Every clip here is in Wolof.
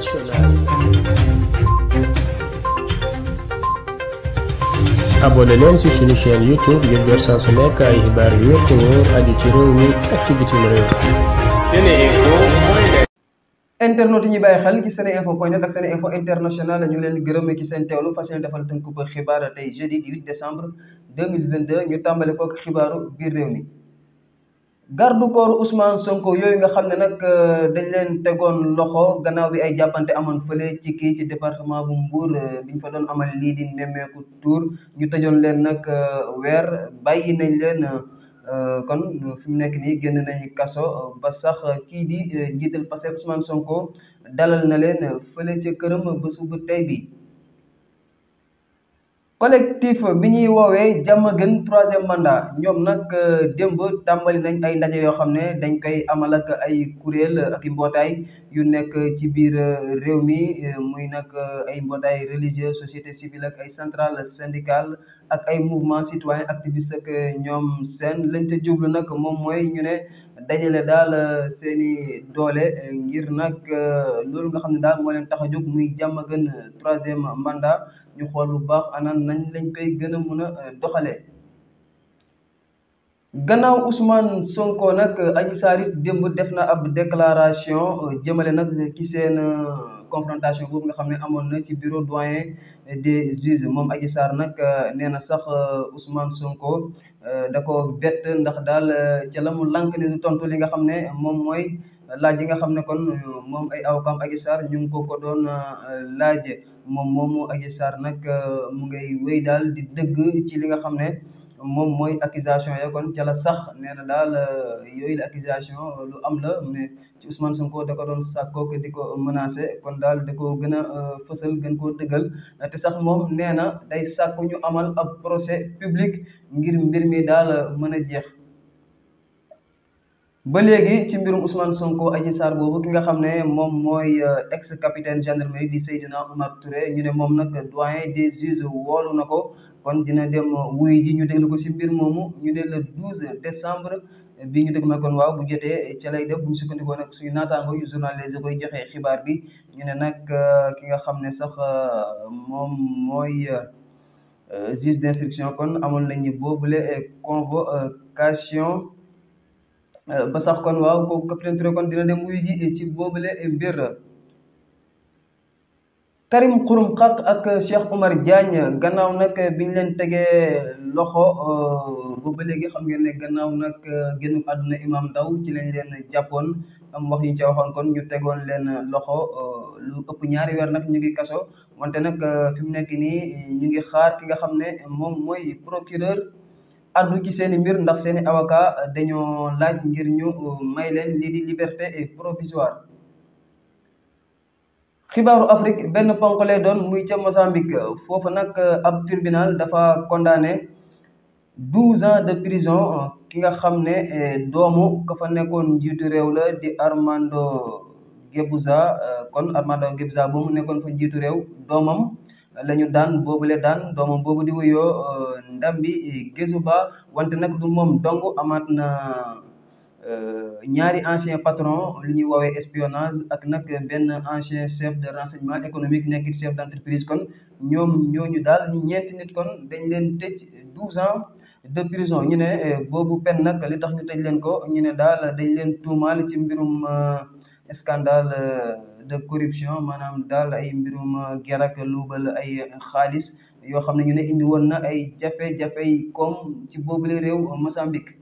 internationale. abonné leen ci suñu chaîne youtube ngir jot saa su nekk ay xibaar yu wér te ci réew mi ak ci bitim réew. SeneInfo. internet yi ñuy bàyyi xel ci seneinfo point net ak seneinfo international ñu leen gërëm ci seen teewlu fas yéene defal tënk ba xibaar tey jeudi 18 décembre ñu tàmbale kook xibaaru biir réew mi. garde corps Ousmane Sonko yooyu nga xam ne nag euh, dañ leen tegoon loxo gannaaw bi ay jàppante amoon fële ci kii ci département bu Mbour euh, bi ñu fa doon amal lii di nemmeeku tour ñu tëjoon leen nag euh, weer bàyyi nañ leen kon fi mu nekk nii génn nañu kaso ba sax kii di njiital Pastef Ousmane Sonko dalal na leen fële ca këram bésu bu tey bi collectif bi ñuy woowee Jamaguène troisième mandat ñoom nag euh, démb tàmbali nañ ay ndaje yoo xam ne dañ koy amal ak ay kuréel aki i mbootaay yu nekk ci biir euh, réew mi euh, muy nag ay mbootaay religieux société civile ak ay centrale syndicale ak ay mouvement citoyen activiste ak ñoom seen lañ ca jublu nag moom mooy ñu ne dajale daal seeni doole ngir nag loolu nga xam ne daal moo tax a jóg muy Jamaguène troisième mandat ñu xool bu baax anan nañ lañ koy gën a mun a euh, doxalee. gannaaw Ousmane Sonko nag Adji Sarr it def na ab déclaration euh, jëmale nag ci seen. Euh, confrontation boobu nga xam ne amoon na ci bureau doyen des juges moom Adji Sarr nag euh, nee na sax euh, Ousmane Sonko euh, da ko bett ndax daal ca la mu lànk tontu li nga xam ne moom mooy laaj yi nga xam ne kon moom ay awkaam Adji Sarr ñu ko ko doon laaj moom moomu nag mu ngay wéy daal di dëgg ci li nga xam ne moom mooy accusation ya kon ca la sax nee na daal yooyu la accusation lu am la mu ci Ousmane Sonko da ko doon sàkkook di ko menacé kon daal da koo gën a euh, fësal gën koo dëggal te sax moom nee na day sàkku ñu amal ab procès public ngir mbir mi daal mën a jeex. ba léegi ci mbirum Ousmane Sonko Adji Sarr boobu ki nga xam ne moom mooy euh, ex capitaine gendarmerie di Seydina Oumar Touré ñu ne moom nag doyen des juges woolu na ko kon dina dem wuy ji ñu déglu ko si mbir moomu ñu ne le 12 décembre bi ñu déglu kon waaw bu jotee calay lay def bu ñu sukkandikoo nag suñu naataango yu journaliste koy joxe xibaar bi ñu ne nag euh, ki nga xam ne sax euh, moom mooy euh, juge d'instruction kon amoon nañu boobule convocation ba sax kon waaw kooku capitaine Touré kon dina dem wuy ji ci boobule mbir. Karim Xurum Xaq ak Cheikh Omar Diagne gannaaw nag bi ñu leen tegee loxo euh, ba ba xam ngeen ne gannaaw nag euh, génn àdduna Imam daw ci lañ leen jàppoon am wax yi ca waxoon kon ñu tegoon leen loxo euh, lu ëpp ñaari weer nag ñu ngi kaso wante nag fi mu nekk nii ñu ngi xaar ki nga xam ne moom mooy procureur addu ci seen i mbir ndax seeni i avocat dañoo laaj ngir ñu may leen lii di liberté et provisoire xibaaru Afrique benn ponk lay doon muy ca Mozambique foofu nag euh, ab tribunal dafa condamné douze ans de prison ki nga xam ne euh, doomu ka fa nekkoon njiitu réew la di Armando Guebuza euh, kon Armando Guebuza bu mu nekkoon fa njiitu réew doomam la ñu daan boobule daan doomam boobu di wuyoo Ndambi Gézuba wante nag du moom dong amaat na. Euh, ñaari ancien patron li ñuy woowee espionnage ak nag benn ancien chef de renseignement économique nekkit chef d'entreprise kon ñoom ñooñu daal ñi ñeenti nit kon dañ leen tëj douze ans de prison ñu ne eh, boobu pen nag li tax ñu tëj leen ko ñu ne daal dañ leen tuumaal ci mbirum eh, scandale eh, de corruption maanaam daal ay mbirum ger ak luubal ay xaalis yoo xam ne ñu ne indi woon na ay jafe-jafey kom ci boobule réew Mozambique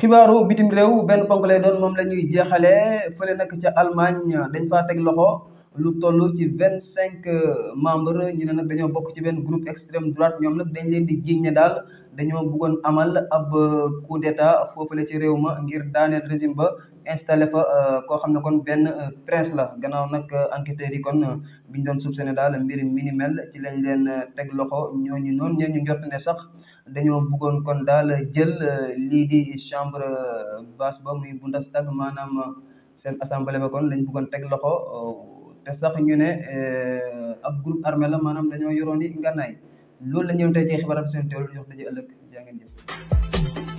xibaaru bitim réew benn ponk lay doon moom la ñuy jeexalee fële nag ca Allemagne dañ faa teg loxo. lu toll ci vingt cinq euh, membres ñu ne nag dañoo bokk ci benn groupe extrême droite ñoom nag dañ leen di jiiñ ne daal dañoo buggoon amal ab euh, coup d'état la ci réew ma ngir daaneel régime ba installé fa euh, koo xam ne kon benn prince la gannaaw nag enquêteurs yi kon bi ñu doon soupçonné daal mbir minimel ci lañ leen teg loxo ñooñu noonu ñeen ñu njott ne sax dañoo buggoon kon daal jël lii di chambre basse ba muy Bundestag maanaam seen assemblée ba kon lañ bëggoon teg loxo sax ñu ne euh, ab groupe armé la maanaam dañoo yoroon i ngànnaay loolu la ñëw tey ci xibaar seen teewlu jox daje ëllëg jaa